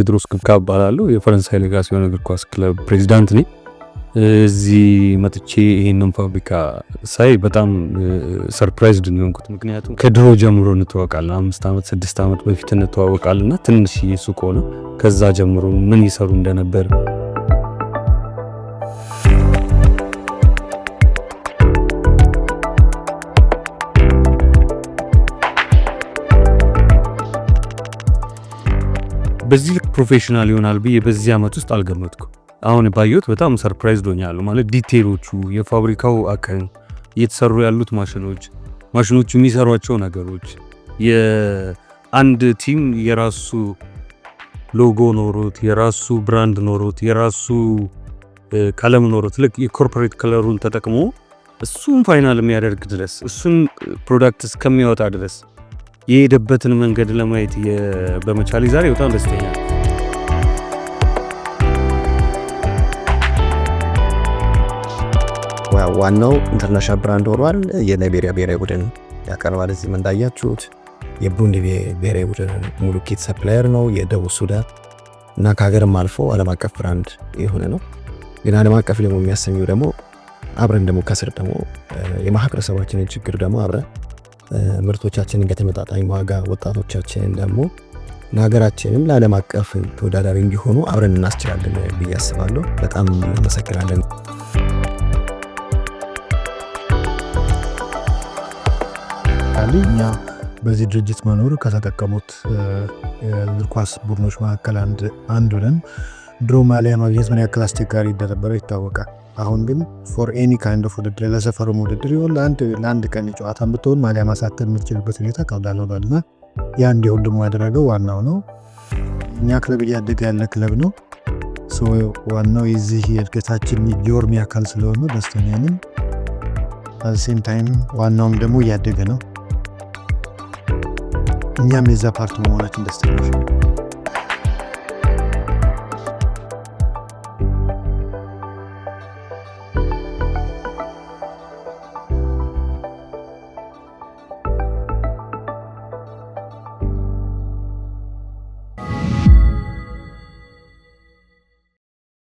ቴድሮስ ክብካ እባላለሁ። የፈረንሳይ ሌጋሲዮን እግር ኳስ ክለብ ፕሬዚዳንት ነኝ። እዚህ መጥቼ ይህንን ፋብሪካ ሳይ በጣም ሰርፕራይዝ ድንሆንኩት። ምክንያቱም ከድሮ ጀምሮ እንተዋወቃለን። አምስት ዓመት ስድስት ዓመት በፊት እንተዋወቃልና ትንሽ ሱቅ ሆነ። ከዛ ጀምሮ ምን ይሰሩ እንደነበር በዚህ ልክ ፕሮፌሽናል ይሆናል ብዬ በዚህ ዓመት ውስጥ አልገመጥኩ አሁን ባየሁት በጣም ሰርፕራይዝ ዶኛለሁ። ማለት ዲቴሎቹ፣ የፋብሪካው አካል፣ እየተሰሩ ያሉት ማሽኖች፣ ማሽኖቹ የሚሰሯቸው ነገሮች፣ የአንድ ቲም የራሱ ሎጎ ኖሮት የራሱ ብራንድ ኖሮት የራሱ ቀለም ኖሮት ልክ የኮርፖሬት ከለሩን ተጠቅሞ እሱን ፋይናል የሚያደርግ ድረስ እሱን ፕሮዳክት እስከሚያወጣ ድረስ የሄደበትን መንገድ ለማየት በመቻሌ ዛሬ በጣም ደስተኛ ዋናው ኢንተርናሽናል ብራንድ ሆኗል። የናይቤሪያ ብሔራዊ ቡድን ያቀርባል። እዚህም እንዳያችሁት የቡሩንዲ ብሔራዊ ቡድን ሙሉ ኪት ሰፕላየር ነው። የደቡብ ሱዳን እና ከሀገርም አልፎ ዓለም አቀፍ ብራንድ የሆነ ነው። ግን ዓለም አቀፍ ደግሞ የሚያሰኘው ደግሞ አብረን ደግሞ ከስር ደግሞ የማህበረሰባችንን ችግር ደግሞ አብረን ምርቶቻችንን ከተመጣጣኝ ዋጋ ወጣቶቻችንን ደግሞ ለሀገራችንም ለዓለም አቀፍ ተወዳዳሪ እንዲሆኑ አብረን እናስችላለን ብዬ አስባለሁ። በጣም እናመሰግናለን። እኛ በዚህ ድርጅት መኖር ከተጠቀሙት እግር ኳስ ቡድኖች መካከል አንዱ ነን። ድሮ ማሊያ ማግኘት ምን ያክል አስቸጋሪ እንደነበረ ይታወቃል። አሁን ግን ፎር ኤኒ ካይንድ ኦፍ ውድድር ለሰፈሩ ውድድር ይሆን ለአንድ ቀን ጨዋታ ብትሆን ማሊያ ማሳተም የምትችልበት ሁኔታ ቀላል ሆኗል እና ያ እንዲሆን ደግሞ ያደረገው ዋናው ነው። እኛ ክለብ እያደገ ያለ ክለብ ነው። ዋናው የዚህ የእድገታችን የጆርኒ አካል ስለሆነ ደስተኛ ሴም ታይም ዋናውም ደግሞ እያደገ ነው። እኛም የዛ ፓርት መሆናችን ደስተኞች